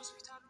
was retarded.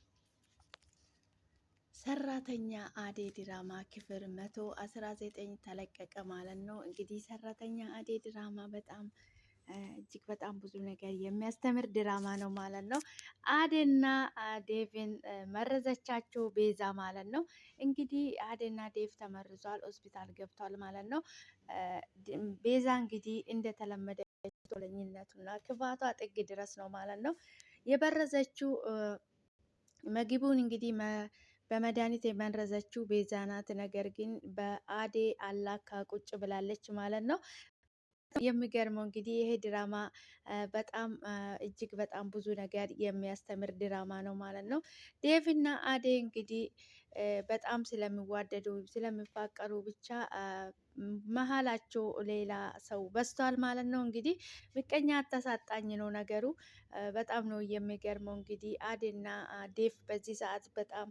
ሰራተኛ አዴ ድራማ ክፍል መቶ አስራ ዘጠኝ ተለቀቀ ማለት ነው። እንግዲህ ሰራተኛ አደይ ድራማ በጣም እጅግ በጣም ብዙ ነገር የሚያስተምር ድራማ ነው ማለት ነው። አደና ዴቭን መረዘቻቸው ቤዛ ማለት ነው። እንግዲህ አደይና ዴቭ ተመርዟል፣ ሆስፒታል ገብቷል ማለት ነው። ቤዛ እንግዲህ እንደተለመደ ቶለኝነቱና ክፋቷ ጥግ ድረስ ነው ማለት ነው የበረዘችው ምግቡን እንግዲህ በመድኃኒት የመረዘችው ቤዛ ናት። ነገር ግን በአዴ አላካ ቁጭ ብላለች ማለት ነው። የሚገርመው እንግዲህ ይሄ ድራማ በጣም እጅግ በጣም ብዙ ነገር የሚያስተምር ድራማ ነው ማለት ነው። እና አዴ እንግዲህ በጣም ስለሚዋደዱ ስለሚፋቀሩ ብቻ መሀላቸው ሌላ ሰው በስቷል ማለት ነው። እንግዲህ ምቀኛ አታሳጣኝ ነው ነገሩ። በጣም ነው የሚገርመው። እንግዲህ አዴና ዴፍ በዚህ ሰዓት በጣም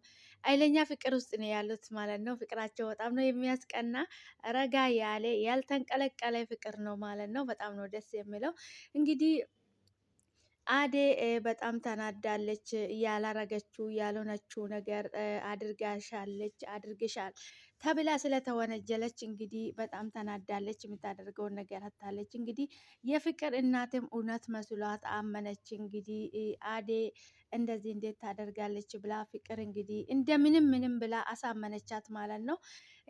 አይለኛ ፍቅር ውስጥ ነው ያሉት ማለት ነው። ፍቅራቸው በጣም ነው የሚያስቀና። ረጋ ያለ ያልተንቀለቀለ ፍቅር ነው ማለት ነው። በጣም ነው ደስ የሚለው እንግዲህ አዴ በጣም ተናዳለች። ያላረገችው ያልሆነችው ነገር አድርጋሻለች አድርግሻል ተብላ ስለተወነጀለች እንግዲህ በጣም ተናዳለች። የምታደርገውን ነገር አታለች። እንግዲህ የፍቅር እናትም እውነት መስሏት አመነች። እንግዲህ አዴ እንደዚህ እንዴት ታደርጋለች ብላ ፍቅር እንግዲህ እንደምንም ምንም ብላ አሳመነቻት ማለት ነው።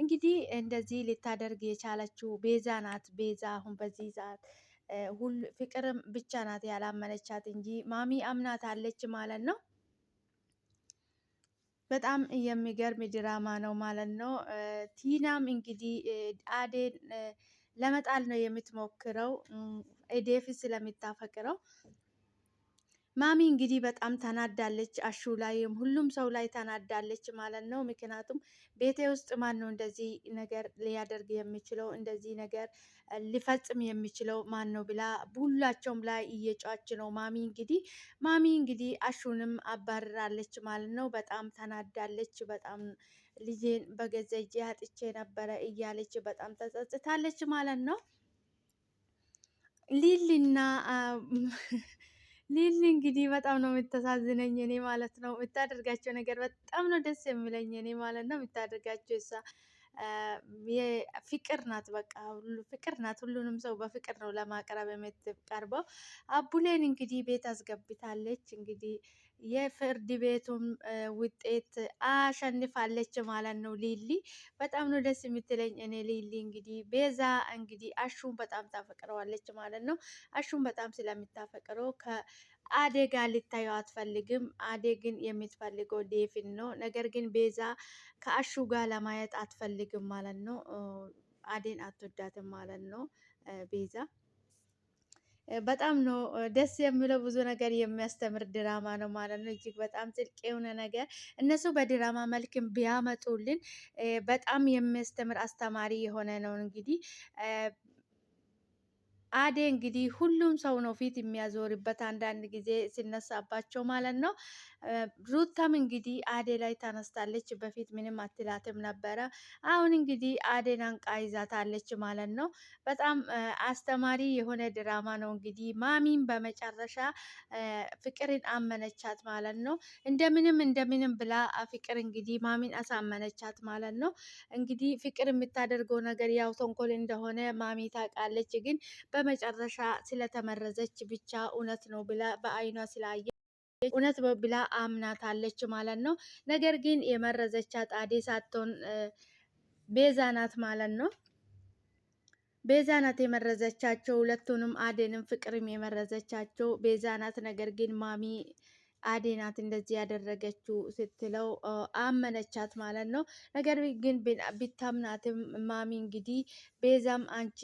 እንግዲህ እንደዚህ ልታደርግ የቻለችው ቤዛ ናት። ቤዛ አሁን በዚህ ሰዓት ፍቅርም ብቻ ናት ያላመነቻት እንጂ ማሚ አምናት አለች ማለት ነው። በጣም የሚገርም ድራማ ነው ማለት ነው። ቲናም እንግዲህ አዴን ለመጣል ነው የምትሞክረው ኤዴፍ ስለምታፈቅረው ማሚ እንግዲህ በጣም ተናዳለች። አሹ ላይም ሁሉም ሰው ላይ ተናዳለች ማለት ነው። ምክንያቱም ቤቴ ውስጥ ማን ነው እንደዚህ ነገር ሊያደርግ የሚችለው እንደዚህ ነገር ሊፈጽም የሚችለው ማን ነው ብላ ሁላቸውም ላይ እየጫች ነው። ማሚ እንግዲህ ማሚ እንግዲህ አሹንም አባርራለች ማለት ነው። በጣም ተናዳለች። በጣም ልጄን በገዛ እጄ አጥቼ ነበረ እያለች በጣም ተጸጽታለች ማለት ነው ሊሊና ሊል እንግዲህ በጣም ነው የምታሳዝነኝ እኔ ማለት ነው። የምታደርጋቸው ነገር በጣም ነው ደስ የሚለኝ እኔ ማለት ነው። የምታደርጋቸው እሷ ፍቅር ናት፣ በቃ ሁሉ ፍቅር ናት። ሁሉንም ሰው በፍቅር ነው ለማቅረብ የምትቀርበው። አቡሌን እንግዲህ ቤት አስገብታለች እንግዲህ የፍርድ ቤቱን ውጤት አሸንፋለች ማለት ነው። ሊሊ በጣም ነው ደስ የምትለኝ እኔ ሊሊ። እንግዲህ ቤዛ እንግዲህ አሹን በጣም ታፈቅረዋለች ማለት ነው። አሹን በጣም ስለምታፈቅረው ከአደጋ ልታየው አትፈልግም። አዴ ግን የምትፈልገው ዴፍን ነው። ነገር ግን ቤዛ ከአሹ ጋር ለማየት አትፈልግም ማለት ነው። አዴን አትወዳትም ማለት ነው ቤዛ በጣም ነው ደስ የሚለው። ብዙ ነገር የሚያስተምር ድራማ ነው ማለት ነው። እጅግ በጣም ጥልቅ የሆነ ነገር እነሱ በድራማ መልክም ቢያመጡልን በጣም የሚያስተምር አስተማሪ የሆነ ነው እንግዲህ አዴ እንግዲህ ሁሉም ሰው ነው ፊት የሚያዞርበት አንዳንድ ጊዜ ሲነሳባቸው ማለት ነው። ሩታም እንግዲህ አዴ ላይ ተነስታለች። በፊት ምንም አትላትም ነበረ። አሁን እንግዲህ አዴን አንቃ ይዛታለች ማለት ነው። በጣም አስተማሪ የሆነ ድራማ ነው። እንግዲህ ማሚን በመጨረሻ ፍቅርን አመነቻት ማለት ነው። እንደምንም እንደምንም ብላ ፍቅር እንግዲህ ማሚን አሳመነቻት ማለት ነው። እንግዲህ ፍቅር የምታደርገው ነገር ያው ተንኮል እንደሆነ ማሚ ታውቃለች ግን በመጨረሻ ስለተመረዘች ብቻ እውነት ነው ብላ በአይኗ ስላየ እውነት ብላ አምናታለች ማለት ነው። ነገር ግን የመረዘቻት አዴ ሳትሆን ቤዛ ናት ማለት ነው። ቤዛ ናት የመረዘቻቸው ሁለቱንም፣ አዴንም ፍቅርም የመረዘቻቸው ቤዛ ናት። ነገር ግን ማሚ አደይ ናት እንደዚህ ያደረገችው ስትለው አመነቻት ማለት ነው። ነገር ግን ቢታምናትም ማሚ እንግዲህ ቤዛም አንቺ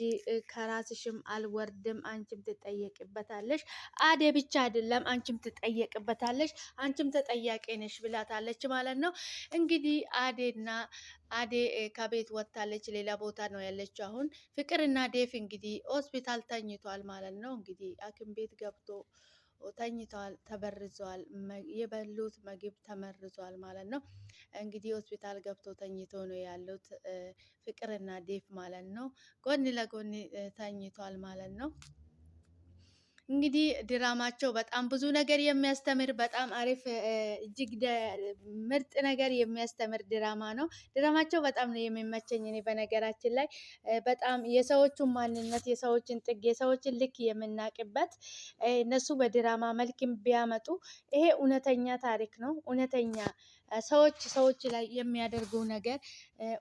ከራስሽም አልወርድም አንቺም ትጠየቅበታለሽ፣ አዴ ብቻ አይደለም አንቺም ትጠየቅበታለሽ፣ አንቺም ተጠያቂ ነሽ ብላታለች ማለት ነው። እንግዲህ አዴና አዴ ከቤት ወጥታለች፣ ሌላ ቦታ ነው ያለችው። አሁን ፍቅርና ዴፍ እንግዲህ ሆስፒታል ተኝቷል ማለት ነው። እንግዲህ ሐኪም ቤት ገብቶ ተኝተዋል፣ ተበርዘዋል። የበሉት ምግብ ተመርዟል ማለት ነው። እንግዲህ ሆስፒታል ገብቶ ተኝቶ ነው ያሉት ፍቅርና ዴፍ ማለት ነው። ጎን ለጎን ተኝቷል ማለት ነው። እንግዲህ ድራማቸው በጣም ብዙ ነገር የሚያስተምር በጣም አሪፍ እጅግ ምርጥ ነገር የሚያስተምር ድራማ ነው። ድራማቸው በጣም ነው የሚመቸኝ። እኔ በነገራችን ላይ በጣም የሰዎቹን ማንነት፣ የሰዎችን ጥግ፣ የሰዎችን ልክ የምናቅበት እነሱ በድራማ መልክም ቢያመጡ ይሄ እውነተኛ ታሪክ ነው። እውነተኛ ሰዎች ሰዎች ላይ የሚያደርጉ ነገር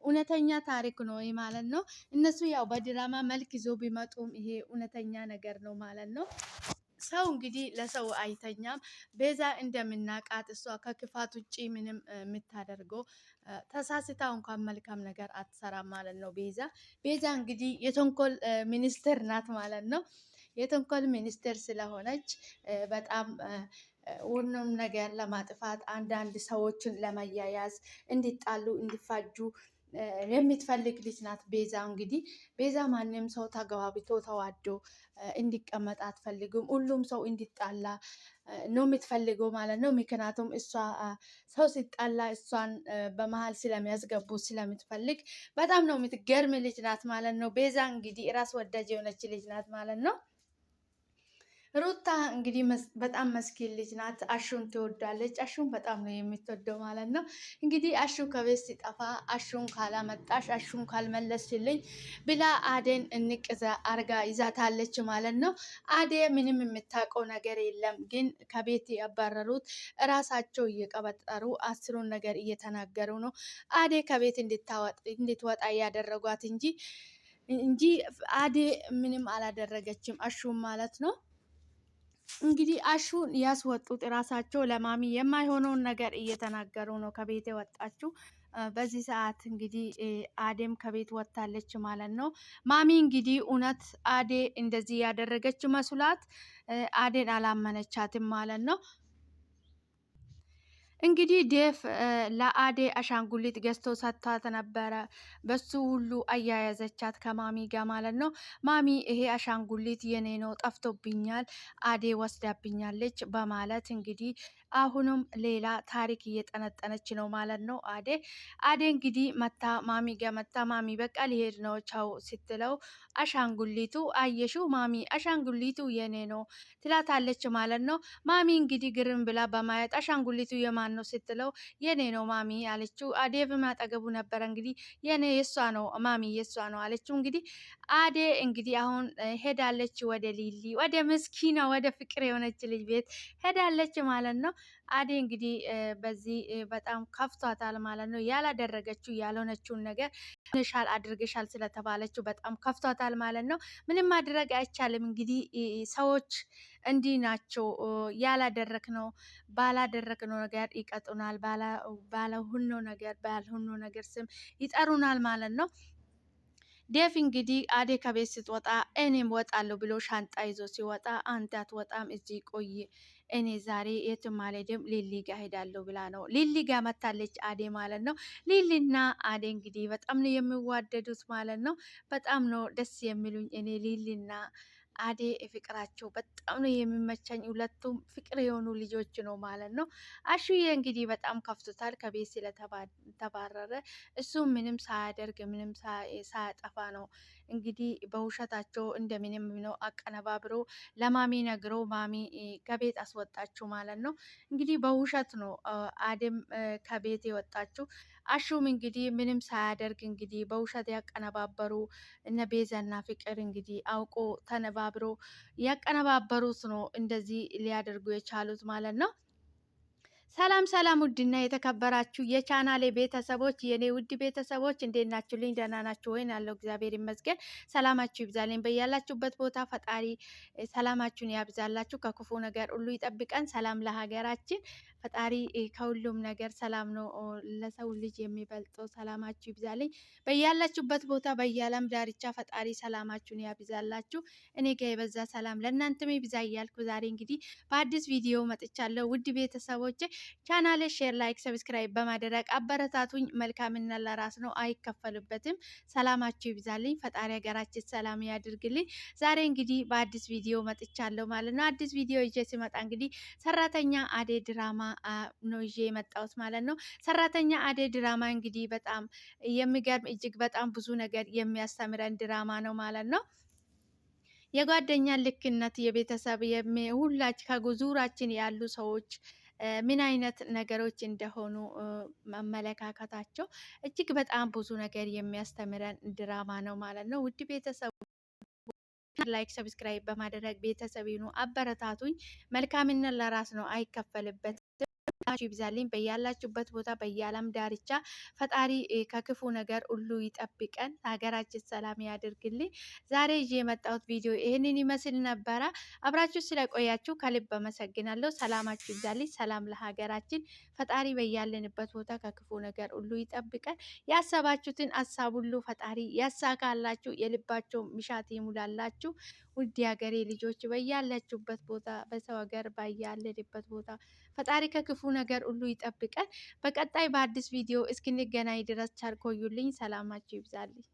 እውነተኛ ታሪክ ነው ማለት ነው። እነሱ ያው በድራማ መልክ ይዞ ቢመጡም ይሄ እውነተኛ ነገር ነው ማለት ነው። ሰው እንግዲህ ለሰው አይተኛም። ቤዛ እንደምናቃት እሷ ከክፋት ውጭ ምንም የምታደርገው ተሳስታ እንኳን መልካም ነገር አትሰራም ማለት ነው። ቤዛ ቤዛ እንግዲህ የተንኮል ሚኒስትር ናት ማለት ነው። የተንኮል ሚኒስትር ስለሆነች በጣም ሁሉም ነገር ለማጥፋት አንዳንድ ሰዎችን ለመያያዝ እንዲጣሉ እንዲፋጁ የምትፈልግ ልጅ ናት ቤዛ። እንግዲህ ቤዛ ማንም ሰው ተገባብቶ ተዋዶ እንዲቀመጥ አትፈልግም። ሁሉም ሰው እንዲጣላ ነው የምትፈልገው ማለት ነው። ምክንያቱም እሷ ሰው ሲጣላ እሷን በመሀል ስለሚያስገቡ ስለምትፈልግ በጣም ነው የምትገርም ልጅ ናት ማለት ነው። ቤዛ እንግዲህ ራስ ወዳጅ የሆነች ልጅ ናት ማለት ነው። ሩታ እንግዲህ በጣም መስኪን ልጅ ናት። አሹን ትወዳለች። አሹን በጣም ነው የምትወደው ማለት ነው። እንግዲህ አሹ ከቤት ሲጠፋ አሹን ካላመጣሽ፣ አሹን ካልመለስሽልኝ ብላ አዴን እንቅዘ አርጋ ይዛታለች ማለት ነው። አዴ ምንም የምታውቀው ነገር የለም፣ ግን ከቤት ያባረሩት እራሳቸው እየቀበጠሩ አስሩን ነገር እየተናገሩ ነው። አዴ ከቤት እንድትወጣ እያደረጓት እንጂ እንጂ አዴ ምንም አላደረገችም አሹም ማለት ነው። እንግዲህ አሹን ያስወጡት ራሳቸው ለማሚ የማይሆነውን ነገር እየተናገሩ ነው። ከቤት የወጣችው በዚህ ሰዓት እንግዲህ አዴም ከቤት ወጥታለች ማለት ነው። ማሚ እንግዲህ እውነት አዴ እንደዚህ ያደረገች መስሏት አዴን አላመነቻትም ማለት ነው። እንግዲህ ዴፍ ለአዴ አሻንጉሊት ገዝቶ ሰጥቷት ነበረ። በሱ ሁሉ አያያዘቻት ከማሚ ጋር ማለት ነው። ማሚ ይሄ አሻንጉሊት የኔ ነው፣ ጠፍቶብኛል፣ አዴ ወስዳብኛለች በማለት እንግዲህ አሁንም ሌላ ታሪክ እየጠነጠነች ነው ማለት ነው። አዴ አዴ እንግዲህ መታ ማሚ ጋ መታ ማሚ በቃ ሊሄድ ነው ቻው ስትለው አሻንጉሊቱ አየሹ ማሚ አሻንጉሊቱ የኔ ነው ትላታለች ማለት ነው። ማሚ እንግዲህ ግርም ብላ በማየት አሻንጉሊቱ የማን ነው ስትለው የኔ ነው ማሚ አለችው። አዴ አጠገቡ ነበረ እንግዲህ የኔ የሷ ነው ማሚ የሷ ነው አለችው። እንግዲህ አዴ እንግዲህ አሁን ሄዳለች ወደ ሊሊ ወደ ምስኪና ወደ ፍቅር የሆነች ልጅ ቤት ሄዳለች ማለት ነው። አዴ እንግዲህ በዚህ በጣም ከፍቷታል ማለት ነው። ያላደረገችው ያልሆነችውን ነገር ሻል አድርገሻል ስለተባለችው በጣም ከፍቷታል ማለት ነው። ምንም ማድረግ አይቻልም። እንግዲህ ሰዎች እንዲህ ናቸው። ያላደረግ ነው ባላደረግ ነው ነገር ይቀጡናል፣ ባለሁኖ ነገር ባልሁኖ ነገር ስም ይጠሩናል ማለት ነው። ዴቭ እንግዲህ አዴ ከቤት ስትወጣ እኔም ወጣለሁ ብሎ ሻንጣ ይዞ ሲወጣ አንተ አትወጣም እዚህ ቆይ፣ እኔ ዛሬ የትም አልሄድም ሊሊ ጋ ሄዳለሁ ብላ ነው ሊሊ ጋ መታለች፣ አዴ ማለት ነው። ሊሊና አዴ እንግዲህ በጣም ነው የሚዋደዱት ማለት ነው። በጣም ነው ደስ የሚሉኝ እኔ ሊሊና አዴ ፍቅራቸው በጣም ነው የሚመቸኝ። ሁለቱም ፍቅር የሆኑ ልጆች ነው ማለት ነው። አሹዬ እንግዲህ በጣም ከፍቶታል ከቤት ስለተባረረ እሱ ምንም ሳያደርግ ምንም ሳያጠፋ ነው እንግዲህ በውሸታቸው እንደምንም ነው አቀነባብሮ ለማሚ ነግሮ ማሚ ከቤት አስወጣችሁ ማለት ነው። እንግዲህ በውሸት ነው አዴም ከቤት የወጣችው። አሹም እንግዲህ ምንም ሳያደርግ እንግዲህ በውሸት ያቀነባበሩ እነ ቤዛና ፍቅር እንግዲህ አውቆ ተነባብሮ ያቀነባበሩት ነው እንደዚህ ሊያደርጉ የቻሉት ማለት ነው። ሰላም ሰላም፣ ውድና የተከበራችሁ የቻናሌ ቤተሰቦች የኔ ውድ ቤተሰቦች እንዴት ናችሁ? ልኝ ደህና ናችሁ ወይን? ያለው እግዚአብሔር ይመስገን። ሰላማችሁ ይብዛልኝ በያላችሁበት ቦታ ፈጣሪ ሰላማችሁን ያብዛላችሁ፣ ከክፉ ነገር ሁሉ ይጠብቀን። ሰላም ለሀገራችን፣ ፈጣሪ ከሁሉም ነገር ሰላም ነው። ለሰው ልጅ የሚበልጠው ሰላማችሁ ይብዛልኝ። በያላችሁበት ቦታ በያለም ዳርቻ ፈጣሪ ሰላማችሁን ያብዛላችሁ። እኔ ጋ የበዛ ሰላም ለእናንተም ይብዛ እያልኩ ዛሬ እንግዲህ በአዲስ ቪዲዮ መጥቻለሁ። ውድ ቤተሰቦች ቻናሌ ሼር፣ ላይክ፣ ሰብስክራይብ በማድረግ አበረታቱኝ። መልካምና ለራስ ነው አይከፈልበትም። ሰላማችሁ ይብዛልኝ። ፈጣሪ ሀገራችን ሰላም ያድርግልኝ። ዛሬ እንግዲህ በአዲስ ቪዲዮ መጥቻለሁ ማለት ነው። አዲስ ቪዲዮ ይዤ ሲመጣ እንግዲህ ሰራተኛ አደይ ድራማ ነው ይዤ የመጣሁት ማለት ነው። ሰራተኛ አደይ ድራማ እንግዲህ በጣም የሚገርም እጅግ በጣም ብዙ ነገር የሚያስተምረን ድራማ ነው ማለት ነው። የጓደኛ ልክነት፣ የቤተሰብ ሁላች ከዙራችን ያሉ ሰዎች ምን አይነት ነገሮች እንደሆኑ መመለካከታቸው እጅግ በጣም ብዙ ነገር የሚያስተምረን ድራማ ነው ማለት ነው። ውድ ቤተሰብ ላይክ ሰብስክራይብ በማድረግ ቤተሰብ ይኑ፣ አበረታቱኝ። መልካምነት ለራስ ነው፣ አይከፈልበት ሰላማችሁ ይብዛልኝ በያላችሁበት ቦታ በየዓለም ዳርቻ ፈጣሪ ከክፉ ነገር ሁሉ ይጠብቀን፣ ሀገራችን ሰላም ያድርግልኝ። ዛሬ ይዤ የመጣሁት ቪዲዮ ይህንን ይመስል ነበረ። አብራችሁ ስለቆያችሁ ከልብ አመሰግናለሁ። ሰላማችሁ ይብዛልኝ። ሰላም ለሀገራችን። ፈጣሪ በያለንበት ቦታ ከክፉ ነገር ሁሉ ይጠብቀን። ያሰባችሁትን አሳብ ሁሉ ፈጣሪ ያሳካላችሁ፣ የልባቸው ምሻት ይሙላላችሁ። ውድ ሀገሬ ልጆች በያላችሁበት ቦታ በሰው ሀገር ባያለንበት ቦታ ፈጣሪ ከክፉ ነገር ሁሉ ይጠብቀን። በቀጣይ በአዲስ ቪዲዮ እስክንገናኝ ድረስ ቻል ቆዩልኝ። ሰላማችሁ ይብዛልኝ።